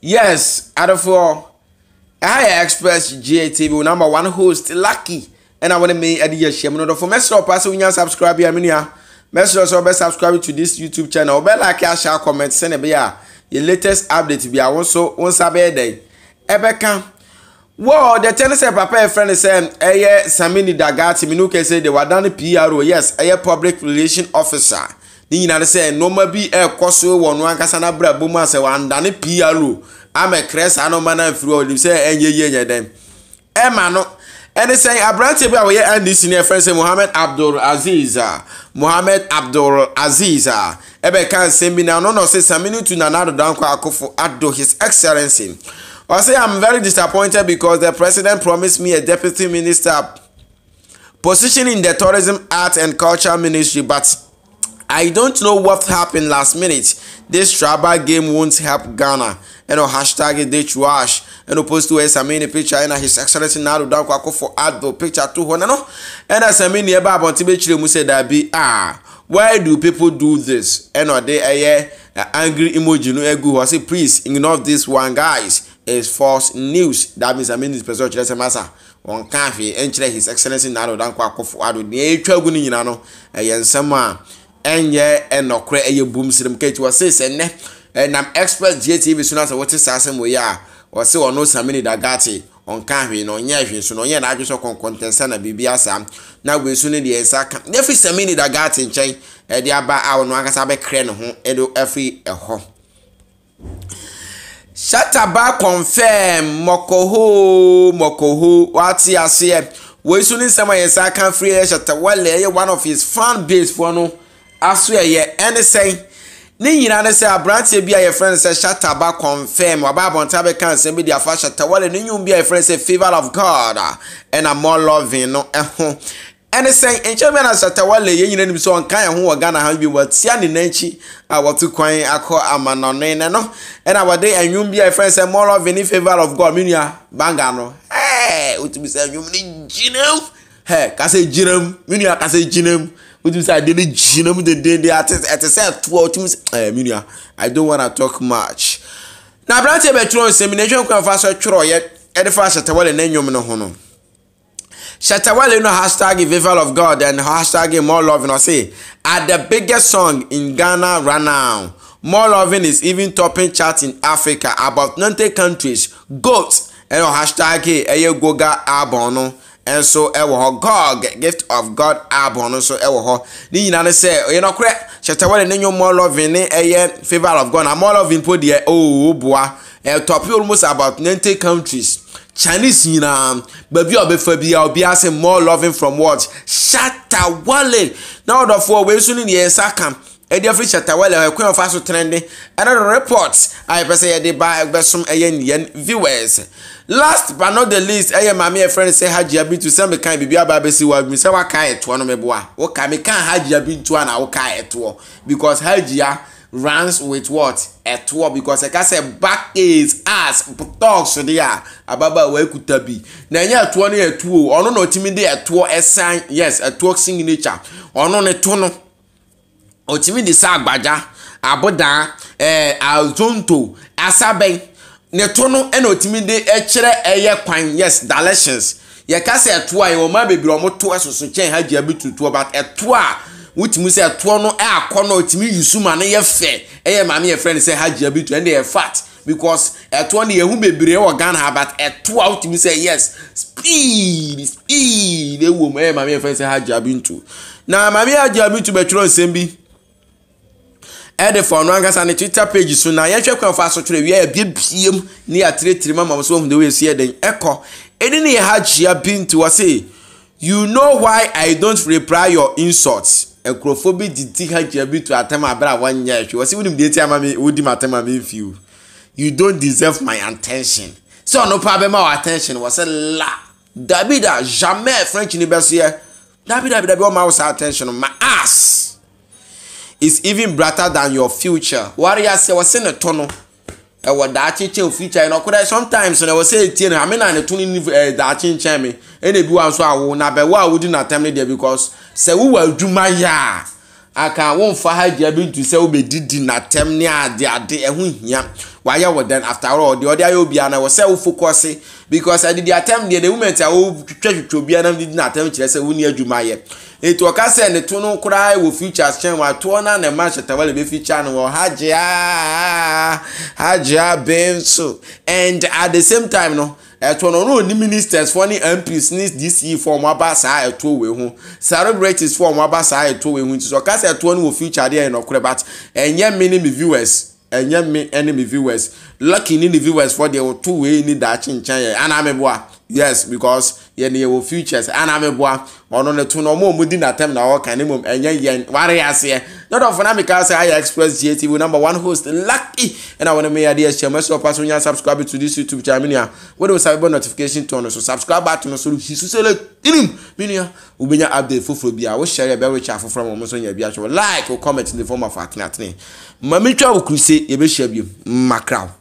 yes out of ɛha I express gatv number one host lucky and ɛna wɔne me ɛde yɛ hyɛm no dɔfo so ɔpa sɛ wonya subscribe a me nua mɛsrɛ sɛ wobɛ subscribe to this youtube channel wobɛ like share, comment send a a yɛ latest update bi a wo nso wo nsa bɛyɛ dɛn ɛbɛka wɔɔ deɛ kyɛ ne papa yɛfrɛ ne sɛ samini dagati me said kɛsɛ deɛ wadane pro yes ɛyɛ public relation officer ne nyinaa sɛ nneɛma bi ɛrekɔ so wɔ no ankasa n'abrabɔ mu asɛ wandane pro amɛkrɛ saa nneɛma no amfiri hɔ nim sɛ ɛnyɛ yie nyɛ dɛm ɛma no ɛne sɛ aberanteɛ bi a wɔyɛ ndc ne ɛfrɛ sɛ mohamed abdul aziz a mohamed abdul aziz a ɛbɛka nsɛm bi na ɔno na ɔsɛ saminutu nanadodankɔ akofo ado his excellency ɔsɛ i'm very disappointed because the president promised me a deputy minister position in the tourism arts, and culture ministry but I don't know what happened last minute. This Straba game won't help Ghana. You know, hashtag Dechuash. You know, post to Samini picture and his excellency Nadu Dankwako for add the picture to one. And I Samini about Tibetri Muse be Ah, why do people do this? You know, they eh, are uh, angry emoji. No, egu. Eh, I say, please ignore this one, guys. It's false news. That means I mean this person just a matter. on kan Enter nkyerɛ his excellence Nadu Dankwako for Advo. Nea etwa eh, gu you nyinaa no, ɛyɛ nsɛm a ɛnyɛ ɛnɔkorɛ ɛyɛ bum sirim kɛnti wɔsi sɛ nnɛ ɛnam express gtv so na sɛ wɔte saa asɛm wɔ yi a wɔsi ɔno samini dagate ɔnka ahwee na ɔnyɛ ahwee so na ɔnyɛ n'adwe sɛ kɔnkɔntɛnsa na biribi asa na wei so ne deɛ nsa ka efi samini dagate nkyɛn ɛde aba a ɔno ankasa abɛkrɛ ne ho ɛde ɛfiri ɛhɔ shataba confirm mɔkɔho mɔkɔho wate aseɛ wei so ne nsɛm a yɛn nsa ka firi ɛyɛ shatawale ɛyɛ one of his fan base foɔ no aso ɛyɛ ɛne sɛn ne nyinaa ne sɛ aberanteɛ bi a yɛfrɛ no sɛ shataba confirm waba abɔnten abɛka nsɛm bi de afa shatawale ne nwom bi a yɛfrɛ no sɛ favour of god ɛna more loving no ɛho ɛne sɛn nkyɛn bi na shatawale yɛn nyinaa nim sɛ ɔnka yɛn ho wɔ ghana ha bi wɔtia ne n'akyi a wɔto kwan akɔ amanɔne ne no ɛna wɔde nwom bi a yɛfrɛ no sɛ more loving ne favour of god me nua banga no ɛɛ wotumi sɛ nwom no gyinam hɛ kasa gyinam me nua kasa gyinam wotum sɛ adeɛ no gyina mu dedede ɛte sɛ ɛtoa wotum sɛ ɛɛ mi nua i don't wanna talk much na aberanteɛ bɛtwerɛ nsɛm na edwin kwan fa so twerɛ ɛde fa hyɛtɛwale ne nnwom no ho no hyɛtɛwale no hashtag vival of god and hashtag more love no say are the biggest song in ghana right now more loving is even topping chart in africa about 90 countries goat ɛna hashtag ɛyɛ eh, goga album no nso wɔ hɔ gog gift of god album no nso wɔ hɔ ne nyinaa no sɛ ɛyɛ nɔkorɛ hyɛtɛwɛde ne nwom mɔlɔvin ne ɛyɛ favour of god na mɔlɔvin po deɛ ɔwɔ boa ɛtɔpi almost about ninety countries chinese nyinaa baabi a ɔbɛfa biara obi ase more loving from what shatawale na ɔdɔfoɔ wei nso ne deɛ nsa ka ɛde afiri chapter well ɛhɔ ɛkwan ɔfa so trend ɛna no report a yɛpɛ sɛ yɛde ba ɛbɛsom ɛyɛ yɛn viewers last but not the least ɛyɛ maame yɛ friend sɛ hajia bintu sɛ mekan biribi aba abɛsi wa mi sɛ waka ɛtoɔ no meboa woka mekan hajia bintu a na woka ɛtoɔ because hajia ah, runs with what ɛtoɔ because ɛka e sɛ back is ass talks de a ah, ababaawa ekuta bi na ɛnyɛ ɛtoɔ no yɛ ɛtoɔ ɔno na ɔtumi de ɛtoɔ ɛsan yes ɛtoɔ signature ɔno ne to no ɔtumi de sɛ agbadza abodaa ɛɛ eh, azonto asabɛn ne to no ɛna ɔtumi kwan yes directions yɛka sɛ ɛtoa yɛ wɔn a bebree wɔn to ɛsoso kyɛn ha gya bi tutuo but ɛtoa wotumi sɛ ɛtoɔ no ɛakɔ e na ɔtumi yusu ma no yɛ fɛ ɛyɛ maame yɛ fɛ no sɛ ha gya bi tu ɛna yɛ fat because ɛtoɔ no yɛhu bebree wɔ ghana ha but ɛtoa wotumi sɛ yes speed speed ɛwɔ e mu ɛyɛ maame yɛ fɛ no sɛ ha gya bi tu na maame yɛ ha gya bi tu bɛtwerɛ nsɛm bi ɛde fɔ ɔno ankasa ne twitter page so na yɛhwɛ kwan fa asotwerɛ wia yɛbie biem ne yɛatiretire ma ma so ohun de wo esi ɛdɛn ɛkɔ ɛne ne yɛ ha gyia bintu wɔse you know why i don't reply your insult nkurɔfoɔ bi didi ha gyia bintu atam abere a wɔnyɛ ɛhwɛ wɔse wunim deɛ ti ama mi wodi ma atam ama nfi o you don't deserve my attention sɛ ɔno pa bɛma wɔ attention wɔse la dabida jamɛ french ni bɛ so yɛ dabidabidabi ɔma awo sa attention ma ass is even brighter than your future wari ase wɔsi ne to no ɛwɔ e, daakye kyɛn future yɛn ɔkora sometimes na wɔsi etie na ame na ne to ne ni ɛɛ e, daakye nkyɛn mi ɛna ebi wa nso awo na abɛwa a wodi na tam ne deɛ because sɛ wowɔ adwuma yɛ a aka wɔn fa ha gya bi ntu sɛ wobɛdidi na tam ne ade ade ɛho e hia wayɛ wɔ dan after all deɛ ɔde ayɛ obiara na wɔsɛ wo focus because adidi atɛm deɛ the moment a wotwitwa twitwa obiara na didi n'atɛm kyerɛ sɛ wonni adwuma yɛ etu ɔka sɛ ne to no koraa wɔ futures kyɛn wɔ atoɔ na ne ma hyɛ tawa lebe future no wɔ hagyea hagyea bɛn so and at the same time no ɛtoɔ no ɔno ni ministers foɔ ne mps ne dce foɔ ɔmo aba saa ɛtoɔ wei ho celebrities foɔ ɔmo aba saa ɛtoɔ wei ho nti sɛ ɔka sɛ ɛtoɔ no wɔ future deɛ ɛyɛ nɔkorɛ but ɛnyɛ me ne viewers ɛnyɛ me ɛne me viewers lucky ne ne viewers fɔ deɛ woto wei ne daakye nkyɛn yɛ anameboa yes because yɛn yɛwɔ futures anameboa ɔno ne to no ɔmo a ɔmo di n'atam na ɔka ne mom ɛnyɛ yɛn ware aseɛ dɔdɔfo na meka sɛ ayɛ express gtv number one host lucky ɛna wɔne meyɛ adeɛ ahyia mɛsɛ ɔpa so wonya subscribe to this youtube channel menua wode wo sabe bɔ notification tɔ so subscribe button So, so hisu sɛ le tinim menua wobɛnya update foforɔ bi a wohyɛre ɛbɛrekyɛ afoforɔ ma ɔmo so nya bi akyɛ like wo comment in the form of atenatene ma metwa wo kuru se yɛbɛhyia bio makraw